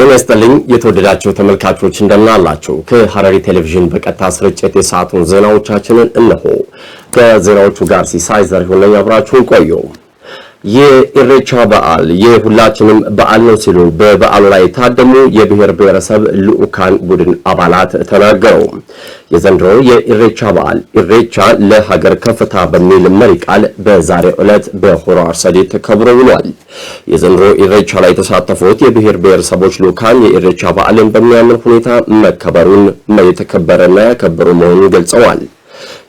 ጤና ይስጥልኝ የተወደዳችሁ ተመልካቾች እንደምን አላችሁ? ከሐረሪ ቴሌቪዥን በቀጥታ ስርጭት የሰዓቱን ዜናዎቻችንን እነሆ። ከዜናዎቹ ጋር ሲሳይ ዘርሁን ነኝ። አብራችሁን ቆዩ። የኢሬቻ በዓል የሁላችንም በዓል ነው ሲሉ በበዓሉ ላይ የታደሙ የብሔር ብሔረሰብ ልዑካን ቡድን አባላት ተናገሩ። የዘንድሮ የኢሬቻ በዓል ኢሬቻ ለሀገር ከፍታ በሚል መሪ ቃል በዛሬ ዕለት በሆሮ አርሰዴ ተከብሮ ውሏል። የዘንድሮ ኢሬቻ ላይ የተሳተፉት የብሔር ብሔረሰቦች ልዑካን የኢሬቻ በዓልን በሚያምር ሁኔታ መከበሩን የተከበረና ያከበሩ መሆኑን ገልጸዋል።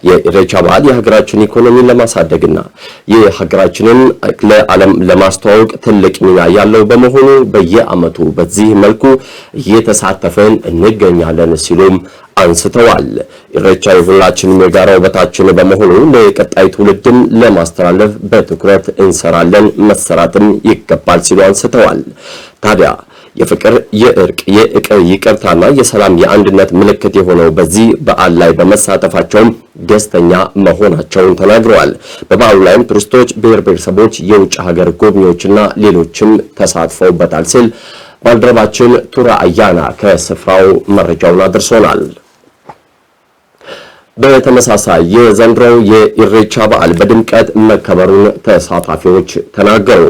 የኢሬቻ በዓል የሀገራችን ኢኮኖሚ ለማሳደግና የሀገራችንን ለዓለም ለማስተዋወቅ ትልቅ ሚና ያለው በመሆኑ በየዓመቱ በዚህ መልኩ እየተሳተፈን እንገኛለን ሲሉም አንስተዋል። ኢሬቻ የሁላችንም የጋራ ውበታችን በመሆኑ ለቀጣይ ትውልድም ለማስተላለፍ በትኩረት እንሰራለን፣ መሰራትም ይገባል ሲሉ አንስተዋል። ታዲያ የፍቅር፣ የእርቅ፣ ይቅርታና የሰላም የአንድነት ምልክት የሆነው በዚህ በዓል ላይ በመሳተፋቸውም ደስተኛ መሆናቸውን ተናግረዋል። በበዓሉ ላይም ቱሪስቶች፣ ብሔር ብሔረሰቦች፣ የውጭ ሀገር ጎብኚዎችና ሌሎችም ተሳትፈውበታል ሲል ባልደረባችን ቱራ አያና ከስፍራው መረጃውን አድርሶናል። በተመሳሳይ የዘንድሮው የኢሬቻ በዓል በድምቀት መከበሩን ተሳታፊዎች ተናገሩ።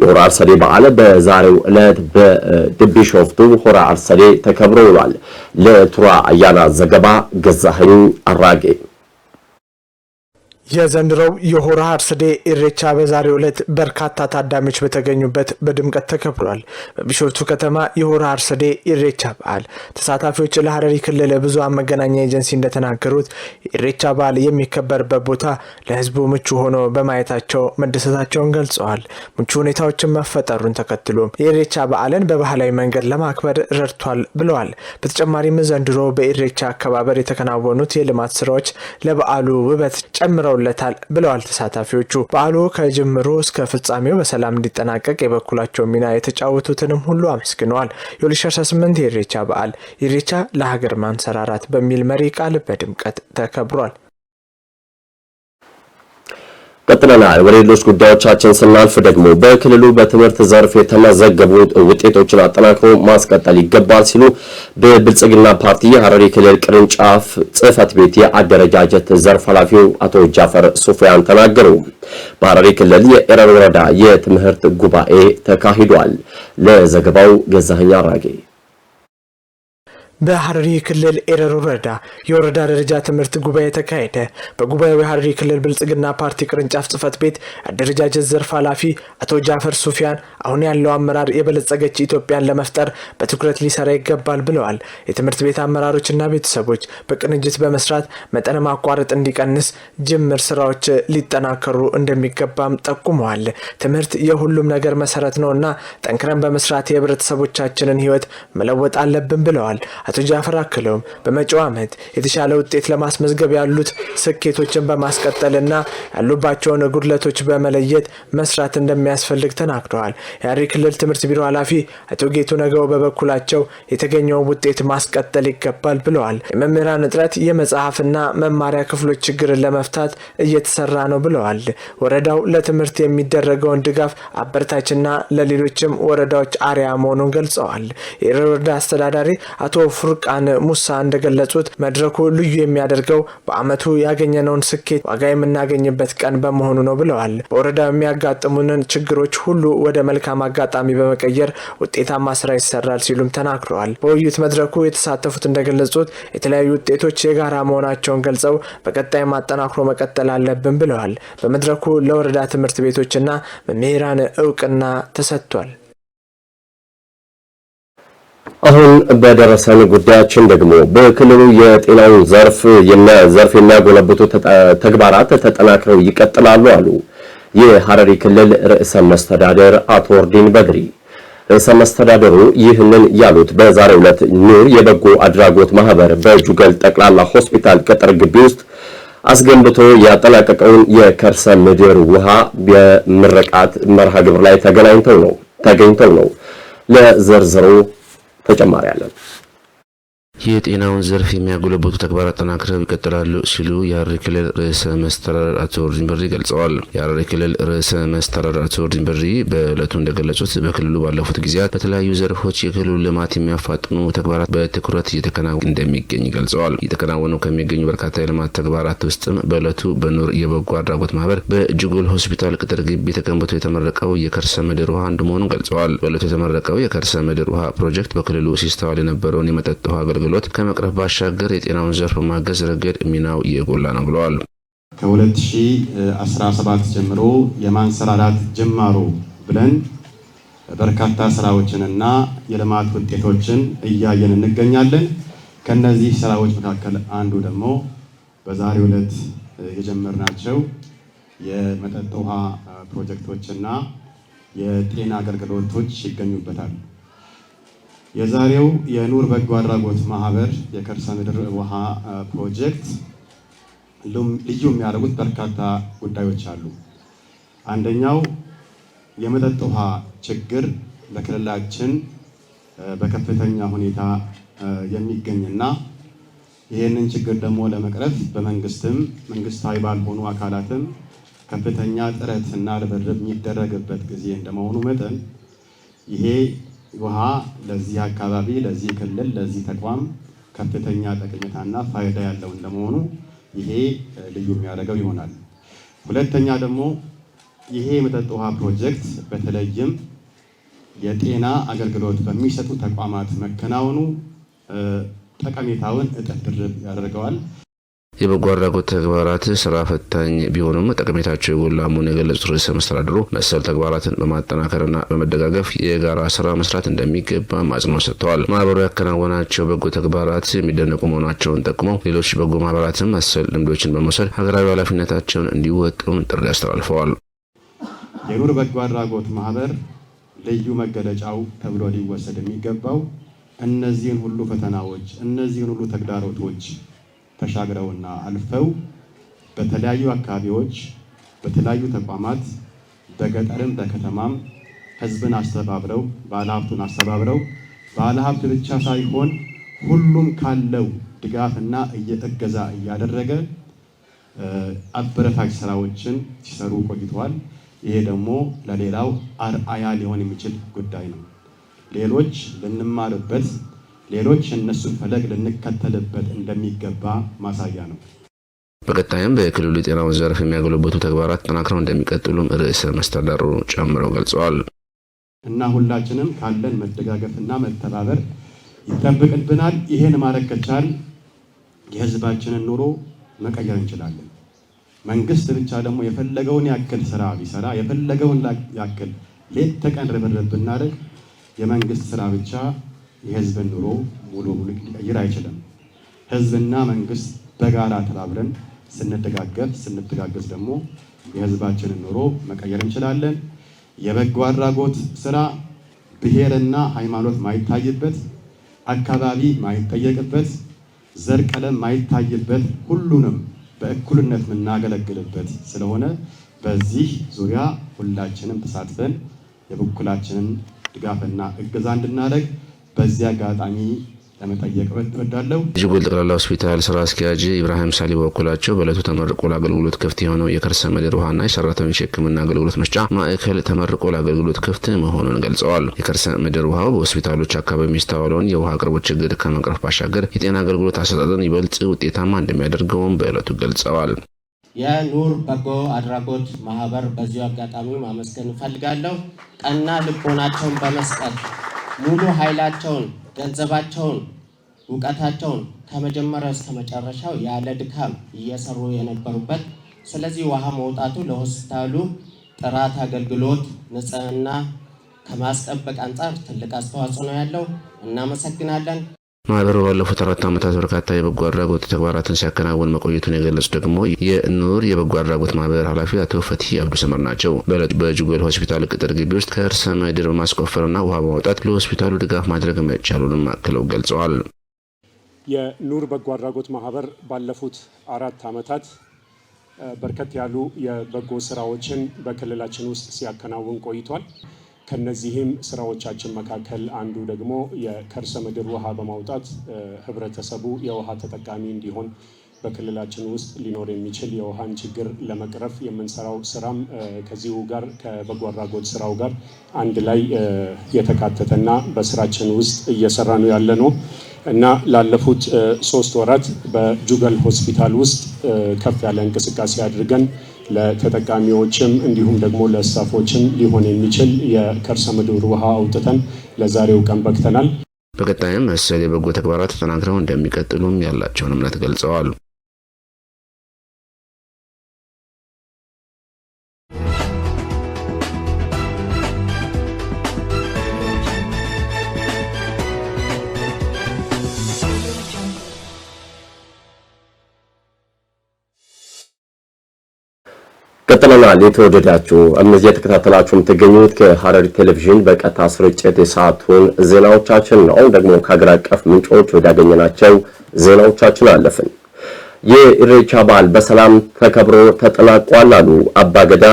የሆራ አርሰዴ በዓል በዛሬው ዕለት በድቢሾፍቱ ሆራ አርሰዴ ተከብሮ ይውሏል። ለቱራ አያና ዘገባ ገዛኸኝ አራጌ የዘንድሮው የሆራ አርሰዴ ኢሬቻ በዛሬው ዕለት በርካታ ታዳሚዎች በተገኙበት በድምቀት ተከብሯል። በቢሾፍቱ ከተማ የሆራ አርሰዴ ኢሬቻ በዓል ተሳታፊዎች ለሐረሪ ክልል ብዙ መገናኛ ኤጀንሲ እንደተናገሩት የኢሬቻ በዓል የሚከበርበት ቦታ ለሕዝቡ ምቹ ሆኖ በማየታቸው መደሰታቸውን ገልጸዋል። ምቹ ሁኔታዎችን መፈጠሩን ተከትሎም የኢሬቻ በዓልን በባህላዊ መንገድ ለማክበር ረድቷል ብለዋል። በተጨማሪም ዘንድሮ በኢሬቻ አከባበር የተከናወኑት የልማት ስራዎች ለበዓሉ ውበት ጨምረው ፈጥረውለታል ብለዋል ተሳታፊዎቹ። በዓሉ ከጅምሩ እስከ ፍጻሜው በሰላም እንዲጠናቀቅ የበኩላቸው ሚና የተጫወቱትንም ሁሉ አመስግነዋል። የ2018 የኢሬቻ በዓል ኢሬቻ ለሀገር ማንሰራራት በሚል መሪ ቃል በድምቀት ተከብሯል። ቀጥለናል። ወደ ሌሎች ጉዳዮቻችን ስናልፍ ደግሞ በክልሉ በትምህርት ዘርፍ የተመዘገቡ ውጤቶችን አጠናክሮ ማስቀጠል ይገባል ሲሉ በብልጽግና ፓርቲ የሐረሪ ክልል ቅርንጫፍ ጽህፈት ቤት የአደረጃጀት ዘርፍ ኃላፊው አቶ ጃፈር ሱፊያን ተናገሩ። በሐረሪ ክልል የኤረር ወረዳ የትምህርት ጉባኤ ተካሂዷል። ለዘገባው ገዛኸኝ አራጌ በሐረሪ ክልል ኤረር ወረዳ የወረዳ ደረጃ ትምህርት ጉባኤ ተካሄደ። በጉባኤው የሐረሪ ክልል ብልጽግና ፓርቲ ቅርንጫፍ ጽህፈት ቤት አደረጃጀት ዘርፍ ኃላፊ አቶ ጃፈር ሱፊያን አሁን ያለው አመራር የበለጸገች ኢትዮጵያን ለመፍጠር በትኩረት ሊሰራ ይገባል ብለዋል። የትምህርት ቤት አመራሮችና ቤተሰቦች በቅንጅት በመስራት መጠነ ማቋረጥ እንዲቀንስ ጅምር ስራዎች ሊጠናከሩ እንደሚገባም ጠቁመዋል። ትምህርት የሁሉም ነገር መሰረት ነውና ጠንክረን በመስራት የህብረተሰቦቻችንን ህይወት መለወጥ አለብን ብለዋል። አቶ ጃፈር አክለውም በመጪው ዓመት የተሻለ ውጤት ለማስመዝገብ ያሉት ስኬቶችን በማስቀጠልና ያሉባቸውን ጉድለቶች በመለየት መስራት እንደሚያስፈልግ ተናግረዋል። የሐረሪ ክልል ትምህርት ቢሮ ኃላፊ አቶ ጌቱ ነገው በበኩላቸው የተገኘውን ውጤት ማስቀጠል ይገባል ብለዋል። የመምህራን እጥረት የመጽሐፍና መማሪያ ክፍሎች ችግርን ለመፍታት እየተሰራ ነው ብለዋል። ወረዳው ለትምህርት የሚደረገውን ድጋፍ አበረታችና ለሌሎችም ወረዳዎች አሪያ መሆኑን ገልጸዋል። የወረዳ አስተዳዳሪ አቶ ፉርቃን ሙሳ እንደገለጹት መድረኩ ልዩ የሚያደርገው በአመቱ ያገኘነውን ስኬት ዋጋ የምናገኝበት ቀን በመሆኑ ነው ብለዋል። በወረዳ የሚያጋጥሙንን ችግሮች ሁሉ ወደ መልካም አጋጣሚ በመቀየር ውጤታማ ስራ ይሰራል ሲሉም ተናግረዋል። በውይይት መድረኩ የተሳተፉት እንደገለጹት የተለያዩ ውጤቶች የጋራ መሆናቸውን ገልጸው በቀጣይ ማጠናክሮ መቀጠል አለብን ብለዋል። በመድረኩ ለወረዳ ትምህርት ቤቶችና መምህራን እውቅና ተሰጥቷል። አሁን በደረሰን ጉዳያችን ደግሞ በክልሉ የጤናው ዘርፍ ዘርፍ የሚያጎለብቱ ተግባራት ተጠናክረው ይቀጥላሉ አሉ የሐረሪ ክልል ርዕሰ መስተዳደር አቶ ኦርዲን በድሪ። ርዕሰ መስተዳደሩ ይህንን ያሉት በዛሬው ዕለት ኑር የበጎ አድራጎት ማህበር በጁገል ጠቅላላ ሆስፒታል ቅጥር ግቢ ውስጥ አስገንብቶ ያጠናቀቀውን የከርሰ ምድር ውሃ በምርቃት መርሃ ግብር ላይ ተገናኝተው ነው ተገኝተው ነው ለዝርዝሩ ተጨማሪ አለን። የጤናውን ዘርፍ የሚያጎለብቱ ተግባራት ጠናክረው ይቀጥላሉ ሲሉ የሐረሪ ክልል ርዕሰ መስተዳደር አቶ ኦርዲን ገልጸዋል። የሐረሪ ክልል ርዕሰ መስተዳደር አቶ ኦርዲን በድሪ እንደገለጹት በክልሉ ባለፉት ጊዜያት በተለያዩ ዘርፎች የክልሉ ልማት የሚያፋጥኑ ተግባራት በትኩረት እየተከናወኑ እንደሚገኝ ገልጸዋል። እየተከናወኑ ከሚገኙ በርካታ የልማት ተግባራት ውስጥም በዕለቱ በኑር የበጎ አድራጎት ማህበር በጅጎል ሆስፒታል ቅጥር ግቢ ተገንብቶ የተመረቀው የከርሰ ምድር ውሃ አንዱ መሆኑን ገልጸዋል። በእለቱ የተመረቀው የከርሰ ምድር ውሃ ፕሮጀክት በክልሉ ሲስተዋል የነበረውን የመጠጥ ውሃ አገልግሎት አገልግሎት ከመቅረብ ባሻገር የጤናውን ዘርፍ ማገዝ ረገድ ሚናው እየጎላ ነው ብለዋል። ከ2017 ጀምሮ የማንሰራራት ጅማሮ ብለን በርካታ ስራዎችንና የልማት ውጤቶችን እያየን እንገኛለን። ከነዚህ ስራዎች መካከል አንዱ ደግሞ በዛሬው ዕለት የጀመርናቸው የመጠጥ ውሃ ፕሮጀክቶችና የጤና አገልግሎቶች ይገኙበታል። የዛሬው የኑር በጎ አድራጎት ማህበር የከርሰ ምድር ውሃ ፕሮጀክት ልዩ የሚያደርጉት በርካታ ጉዳዮች አሉ። አንደኛው የመጠጥ ውሃ ችግር በክልላችን በከፍተኛ ሁኔታ የሚገኝና ይህንን ችግር ደግሞ ለመቅረፍ በመንግስትም መንግስታዊ ባልሆኑ አካላትም ከፍተኛ ጥረትና ርብርብ የሚደረግበት ጊዜ እንደመሆኑ መጠን ይሄ ውሃ ለዚህ አካባቢ፣ ለዚህ ክልል፣ ለዚህ ተቋም ከፍተኛ ጠቀሜታና ፋይዳ ያለው እንደመሆኑ ይሄ ልዩ የሚያደርገው ይሆናል። ሁለተኛ ደግሞ ይሄ የመጠጥ ውሃ ፕሮጀክት በተለይም የጤና አገልግሎት በሚሰጡ ተቋማት መከናወኑ ጠቀሜታውን እጥፍ ድርብ ያደርገዋል። የበጎ አድራጎት ተግባራት ስራ ፈታኝ ቢሆንም ጠቀሜታቸው የጎላ መሆኑን የገለጹት ርዕሰ መስተዳድሩ መሰል ተግባራትን በማጠናከርና በመደጋገፍ የጋራ ስራ መስራት እንደሚገባም አጽንኦት ሰጥተዋል። ማህበሩ ያከናወናቸው በጎ ተግባራት የሚደነቁ መሆናቸውን ጠቁመው ሌሎች በጎ ማህበራትም መሰል ልምዶችን በመውሰድ ሀገራዊ ኃላፊነታቸውን እንዲወጡም ጥሪ አስተላልፈዋል። የኑር በጎ አድራጎት ማህበር ልዩ መገለጫው ተብሎ ሊወሰድ የሚገባው እነዚህን ሁሉ ፈተናዎች፣ እነዚህን ሁሉ ተግዳሮቶች ተሻግረውና አልፈው በተለያዩ አካባቢዎች በተለያዩ ተቋማት በገጠርም በከተማም ህዝብን አስተባብረው ባለሀብቱን አስተባብረው ባለሀብት ብቻ ሳይሆን ሁሉም ካለው ድጋፍና እገዛ እያደረገ አበረታች ስራዎችን ሲሰሩ ቆይተዋል። ይሄ ደግሞ ለሌላው አርአያ ሊሆን የሚችል ጉዳይ ነው። ሌሎች ልንማርበት ሌሎች እነሱን ፈለግ ልንከተልበት እንደሚገባ ማሳያ ነው። በቀጣይም በክልሉ የጤናውን ዘርፍ የሚያገለበቱ ተግባራት ጠናክረው እንደሚቀጥሉም ርዕሰ መስተዳድሩ ጨምረው ገልጸዋል። እና ሁላችንም ካለን መደጋገፍና መተባበር ይጠብቅብናል። ይሄን ማድረግ ከቻል የህዝባችንን ኑሮ መቀየር እንችላለን። መንግስት ብቻ ደግሞ የፈለገውን ያክል ስራ ቢሰራ የፈለገውን ያክል ሌት ተቀን ርብርብ ብናደርግ የመንግስት ስራ ብቻ የህዝብን ኑሮ ሙሉ ሙሉ ሊቀይር አይችልም። ህዝብና መንግስት በጋራ ተባብረን ስንደጋገፍ ስንተጋገዝ ደግሞ የህዝባችንን ኑሮ መቀየር እንችላለን። የበጎ አድራጎት ስራ ብሔርና ሃይማኖት ማይታይበት፣ አካባቢ ማይጠየቅበት፣ ዘር ቀለም ማይታይበት ሁሉንም በእኩልነት የምናገለግልበት ስለሆነ በዚህ ዙሪያ ሁላችንም ተሳትፈን የበኩላችንን ድጋፍና እገዛ እንድናደርግ በዚህ አጋጣሚ ለመጠየቅ ጅቡል ጠቅላላ ሆስፒታል ስራ አስኪያጅ ኢብራሂም ሳሊ በበኩላቸው በእለቱ ተመርቆ ለአገልግሎት ክፍት የሆነው የከርሰ ምድር ውሃና የሰራተኞች የሕክምና አገልግሎት መስጫ ማዕከል ተመርቆ ለአገልግሎት ክፍት መሆኑን ገልጸዋል። የከርሰ ምድር ውሃው በሆስፒታሎች አካባቢ የሚስተዋለውን የውሃ አቅርቦት ችግር ከመቅረፍ ባሻገር የጤና አገልግሎት አሰጣጥን ይበልጥ ውጤታማ እንደሚያደርገውም በእለቱ ገልጸዋል። የኑር በጎ አድራጎት ማህበር በዚሁ አጋጣሚ ማመስገን እፈልጋለሁ። ቀና ልቦናቸውን በመስጠት ሙሉ ኃይላቸውን፣ ገንዘባቸውን፣ እውቀታቸውን ከመጀመሪያው እስከ መጨረሻው ያለ ድካም እየሰሩ የነበሩበት። ስለዚህ ውሃ መውጣቱ ለሆስፒታሉ ጥራት አገልግሎት ንጽህና ከማስጠበቅ አንጻር ትልቅ አስተዋጽኦ ነው ያለው። እናመሰግናለን። ማህበሩ ባለፉት አራት ዓመታት በርካታ የበጎ አድራጎት ተግባራትን ሲያከናውን መቆየቱን የገለጹ ደግሞ የኑር የበጎ አድራጎት ማህበር ኃላፊ አቶ ፈትሂ አብዱ ሰመር ናቸው። በዕለቱ ሆስፒታል ቅጥር ግቢ ውስጥ ከእርሰ ምድር በማስቆፈርና ውሃ በማውጣት ለሆስፒታሉ ድጋፍ ማድረግ መቻሉንም አክለው ገልጸዋል። የኑር በጎ አድራጎት ማህበር ባለፉት አራት ዓመታት በርከት ያሉ የበጎ ስራዎችን በክልላችን ውስጥ ሲያከናውን ቆይቷል። ከነዚህም ስራዎቻችን መካከል አንዱ ደግሞ የከርሰ ምድር ውሃ በማውጣት ህብረተሰቡ የውሃ ተጠቃሚ እንዲሆን በክልላችን ውስጥ ሊኖር የሚችል የውሃን ችግር ለመቅረፍ የምንሰራው ስራም ከዚሁ ጋር ከበጎ አድራጎት ስራው ጋር አንድ ላይ የተካተተና በስራችን ውስጥ እየሰራ ነው ያለ ነው እና ላለፉት ሶስት ወራት በጁገል ሆስፒታል ውስጥ ከፍ ያለ እንቅስቃሴ አድርገን ለተጠቃሚዎችም እንዲሁም ደግሞ ለእሳፎችም ሊሆን የሚችል የከርሰ ምድር ውሃ አውጥተን ለዛሬው ቀን በክተናል። በቀጣይም መሰል የበጎ ተግባራት ተጠናክረው እንደሚቀጥሉም ያላቸውን እምነት ገልጸዋል። ቀጥለናል። የተወደዳችሁ እነዚህ የተከታተላችሁ የምትገኙት ከሐረሪ ቴሌቪዥን በቀጥታ ስርጭት የሰዓቱን ዜናዎቻችን ነው። ደግሞ ከሀገር አቀፍ ምንጮች ወዳገኘናቸው ዜናዎቻችን አለፍን። የኢሬቻ በዓል በሰላም ተከብሮ ተጠናቋል አሉ አባገዳ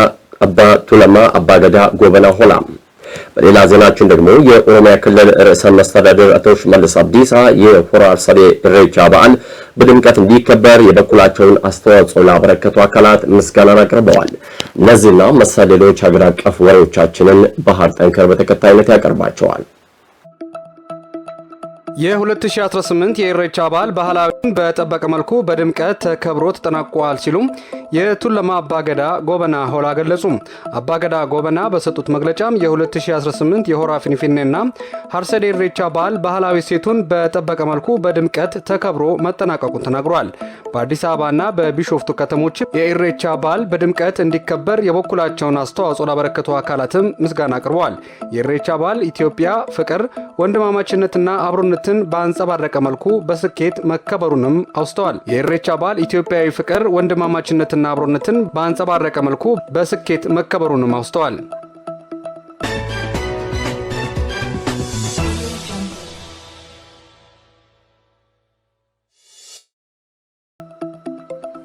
አባ ቱለማ አባገዳ ጎበና ሆላ። በሌላ ዜናችን ደግሞ የኦሮሚያ ክልል ርዕሰ መስተዳድር አቶ ሽመልስ አብዲሳ የሆራ አርሰዴ ኢሬቻ በዓል በድምቀት እንዲከበር የበኩላቸውን አስተዋጽኦ ላበረከቱ አካላት ምስጋናን አቅርበዋል። እነዚህና መሰል ሌሎች ሀገር አቀፍ ወሬዎቻችንን ባህር ጠንከር በተከታይነት ያቀርባቸዋል። የ2018 የኢሬቻ በዓል ባህላዊን በጠበቀ መልኩ በድምቀት ተከብሮ ተጠናቋል ሲሉም የቱለማ አባገዳ ጎበና ሆላ ገለጹም። አባገዳ ጎበና በሰጡት መግለጫም የ2018 የሆራ ፊንፊኔና ሀርሰዴ ኢሬቻ በዓል ባህላዊ ሴቱን በጠበቀ መልኩ በድምቀት ተከብሮ መጠናቀቁን ተናግሯል። በአዲስ አበባና በቢሾፍቱ ከተሞች የኢሬቻ በዓል በድምቀት እንዲከበር የበኩላቸውን አስተዋጽኦ ላበረከቱ አካላትም ምስጋና አቅርበዋል። የኢሬቻ በዓል ኢትዮጵያ ፍቅር፣ ወንድማማችነትና አብሮነት ኩራትን በአንጸባረቀ መልኩ በስኬት መከበሩንም አውስተዋል። የኢሬቻ በዓል ኢትዮጵያዊ ፍቅር፣ ወንድማማችነትና አብሮነትን በአንጸባረቀ መልኩ በስኬት መከበሩንም አውስተዋል።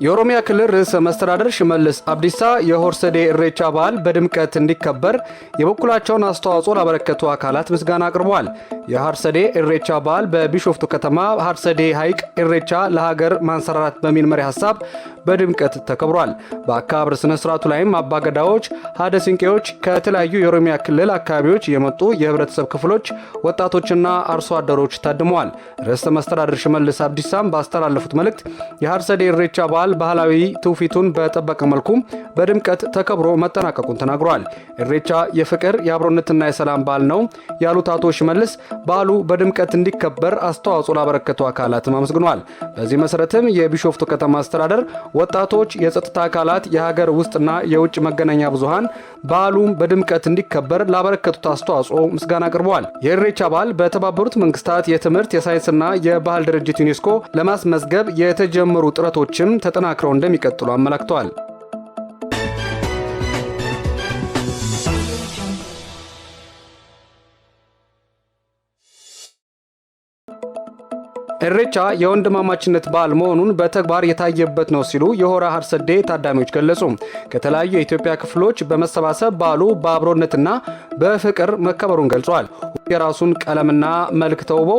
የኦሮሚያ ክልል ርዕሰ መስተዳደር ሽመልስ አብዲሳ የሆርሰዴ እሬቻ በዓል በድምቀት እንዲከበር የበኩላቸውን አስተዋጽኦ ላበረከቱ አካላት ምስጋና አቅርቧል። የሃርሰዴ እሬቻ በዓል በቢሾፍቱ ከተማ ሃርሰዴ ሐይቅ እሬቻ ለሀገር ማንሰራራት በሚል መሪ ሀሳብ በድምቀት ተከብሯል። በአካባብር ስነ ስርዓቱ ላይም አባገዳዎች፣ ሀደ ሲንቄዎች ከተለያዩ የኦሮሚያ ክልል አካባቢዎች የመጡ የህብረተሰብ ክፍሎች ወጣቶችና አርሶ አደሮች ታድመዋል። ርዕሰ መስተዳድር ሽመልስ አብዲሳም ባስተላለፉት መልእክት የሀርሰዴ ኢሬቻ በዓል ባህላዊ ትውፊቱን በጠበቀ መልኩ በድምቀት ተከብሮ መጠናቀቁን ተናግሯል። ኢሬቻ የፍቅር የአብሮነትና የሰላም በዓል ነው ያሉት አቶ ሽመልስ በዓሉ በድምቀት እንዲከበር አስተዋጽኦ ላበረከቱ አካላትም አመስግኗል። በዚህ መሰረትም የቢሾፍቱ ከተማ አስተዳደር ወጣቶች፣ የጸጥታ አካላት፣ የሀገር ውስጥና የውጭ መገናኛ ብዙሃን በዓሉም በድምቀት እንዲከበር ላበረከቱት አስተዋጽኦ ምስጋና አቅርበዋል። የኢሬቻ በዓል በተባበሩት መንግስታት የትምህርት የሳይንስና የባህል ድርጅት ዩኔስኮ ለማስመዝገብ የተጀመሩ ጥረቶችም ተጠናክረው እንደሚቀጥሉ አመላክተዋል። እሬቻ የወንድማማችነት በዓል መሆኑን በተግባር የታየበት ነው ሲሉ የሆራ ሀርሰዴ ታዳሚዎች ገለጹ። ከተለያዩ የኢትዮጵያ ክፍሎች በመሰባሰብ በዓሉ በአብሮነትና በፍቅር መከበሩን ገልጿል። የራሱን ቀለምና መልክ ተውቦ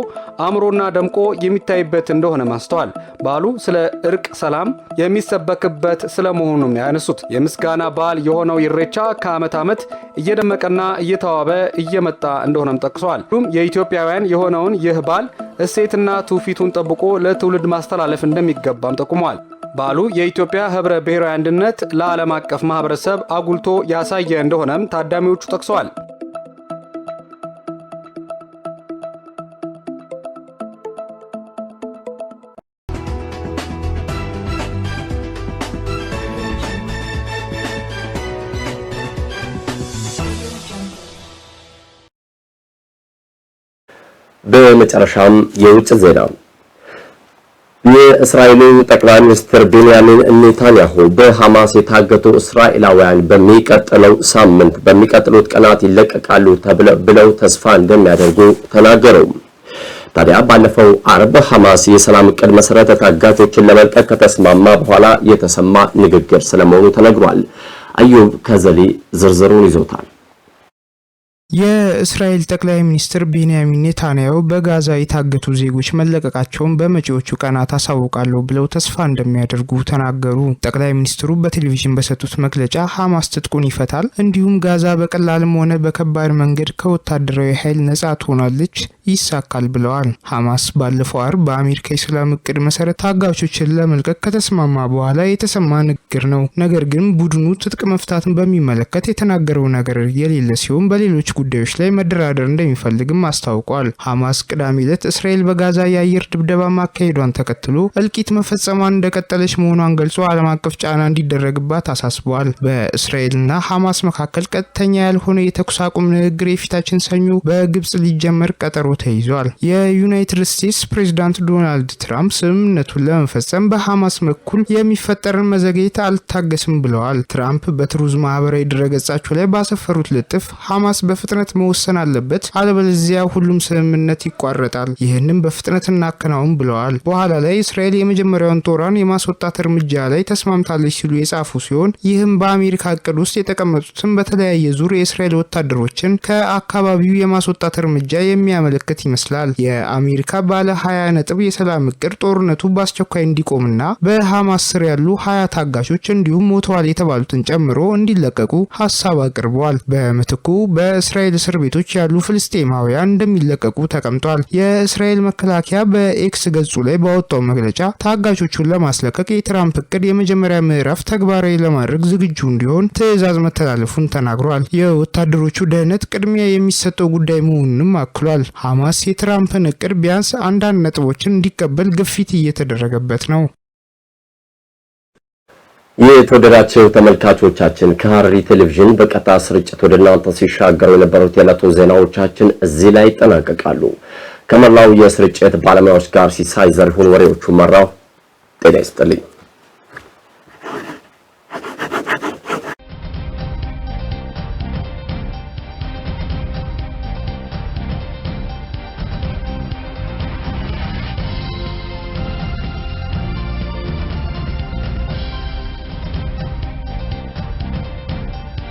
አእምሮና ደምቆ የሚታይበት እንደሆነ ማስተዋል በዓሉ ስለ እርቅ፣ ሰላም የሚሰበክበት ስለመሆኑም ያነሱት የምስጋና በዓል የሆነው እሬቻ ከዓመት ዓመት እየደመቀና እየተዋበ እየመጣ እንደሆነም ጠቅሰዋል። ሁሉም የኢትዮጵያውያን የሆነውን ይህ በዓል እሴትና ትውፊቱ እሴቱን ጠብቆ ለትውልድ ማስተላለፍ እንደሚገባም ጠቁመዋል። በዓሉ የኢትዮጵያ ህብረ ብሔራዊ አንድነት ለዓለም አቀፍ ማህበረሰብ አጉልቶ ያሳየ እንደሆነም ታዳሚዎቹ ጠቅሰዋል። በመጨረሻም የውጭ ዜና የእስራኤሉ ጠቅላይ ሚኒስትር ቤንያሚን ኔታንያሁ በሐማስ የታገቱ እስራኤላውያን በሚቀጥለው ሳምንት በሚቀጥሉት ቀናት ይለቀቃሉ ብለው ተስፋ እንደሚያደርጉ ተናገሩ። ታዲያ ባለፈው አርብ ሐማስ የሰላም እቅድ መሰረተ ታጋቾችን ለመልቀቅ ከተስማማ በኋላ የተሰማ ንግግር ስለመሆኑ ተነግሯል። አዩብ ከዘሊ ዝርዝሩን ይዞታል። የእስራኤል ጠቅላይ ሚኒስትር ቤንያሚን ኔታንያሁ በጋዛ የታገቱ ዜጎች መለቀቃቸውን በመጪዎቹ ቀናት አሳውቃለሁ ብለው ተስፋ እንደሚያደርጉ ተናገሩ። ጠቅላይ ሚኒስትሩ በቴሌቪዥን በሰጡት መግለጫ ሐማስ ትጥቁን ይፈታል፣ እንዲሁም ጋዛ በቀላልም ሆነ በከባድ መንገድ ከወታደራዊ ኃይል ነጻ ትሆናለች፣ ይሳካል ብለዋል። ሐማስ ባለፈው አርብ በአሜሪካ የሰላም እቅድ መሰረት ታጋቾችን ለመልቀቅ ከተስማማ በኋላ የተሰማ ንግግር ነው። ነገር ግን ቡድኑ ትጥቅ መፍታትን በሚመለከት የተናገረው ነገር የሌለ ሲሆን በሌሎች ጉዳዮች ላይ መደራደር እንደሚፈልግም አስታውቋል። ሐማስ ቅዳሜ ዕለት እስራኤል በጋዛ የአየር ድብደባ ማካሄዷን ተከትሎ እልቂት መፈጸሟን እንደቀጠለች መሆኗን ገልጾ ዓለም አቀፍ ጫና እንዲደረግባት አሳስበዋል። በእስራኤልና ሐማስ መካከል ቀጥተኛ ያልሆነ የተኩስ አቁም ንግግር የፊታችን ሰኞ በግብጽ ሊጀመር ቀጠሮ ተይዟል። የዩናይትድ ስቴትስ ፕሬዚዳንት ዶናልድ ትራምፕ ስምምነቱን ለመፈጸም በሐማስ በኩል የሚፈጠርን መዘግየት አልታገስም ብለዋል። ትራምፕ በትሩዝ ማህበራዊ ድረገጻቸው ላይ ባሰፈሩት ልጥፍ ሐማስ በፍ በፍጥነት መወሰን አለበት፣ አለበለዚያ ሁሉም ስምምነት ይቋረጣል። ይህንም በፍጥነት እናከናውን ብለዋል። በኋላ ላይ እስራኤል የመጀመሪያውን ጦሯን የማስወጣት እርምጃ ላይ ተስማምታለች ሲሉ የጻፉ ሲሆን ይህም በአሜሪካ እቅድ ውስጥ የተቀመጡትን በተለያየ ዙር የእስራኤል ወታደሮችን ከአካባቢው የማስወጣት እርምጃ የሚያመለክት ይመስላል። የአሜሪካ ባለ ሀያ ነጥብ የሰላም እቅድ ጦርነቱ በአስቸኳይ እንዲቆምና በሐማስ ስር ያሉ ሀያ ታጋሾች እንዲሁም ሞተዋል የተባሉትን ጨምሮ እንዲለቀቁ ሀሳብ አቅርበዋል። በምትኩ በእስራኤል የእስራኤል እስር ቤቶች ያሉ ፍልስጤማውያን እንደሚለቀቁ ተቀምጧል። የእስራኤል መከላከያ በኤክስ ገጹ ላይ ባወጣው መግለጫ ታጋቾቹን ለማስለቀቅ የትራምፕ እቅድ የመጀመሪያ ምዕራፍ ተግባራዊ ለማድረግ ዝግጁ እንዲሆን ትዕዛዝ መተላለፉን ተናግሯል። የወታደሮቹ ደህንነት ቅድሚያ የሚሰጠው ጉዳይ መሆኑንም አክሏል። ሐማስ የትራምፕን እቅድ ቢያንስ አንዳንድ ነጥቦችን እንዲቀበል ግፊት እየተደረገበት ነው። የተወደዳቸው ተመልካቾቻችን ከሐረሪ ቴሌቪዥን በቀጥታ ስርጭት ወደ እናንተ ሲሻገሩ የነበሩት የዕለቱ ዜናዎቻችን እዚህ ላይ ይጠናቀቃሉ። ከመላው የስርጭት ባለሙያዎች ጋር ሲሳይ ዘሪሁን ወሬዎቹ መራው። ጤና ይስጥልኝ።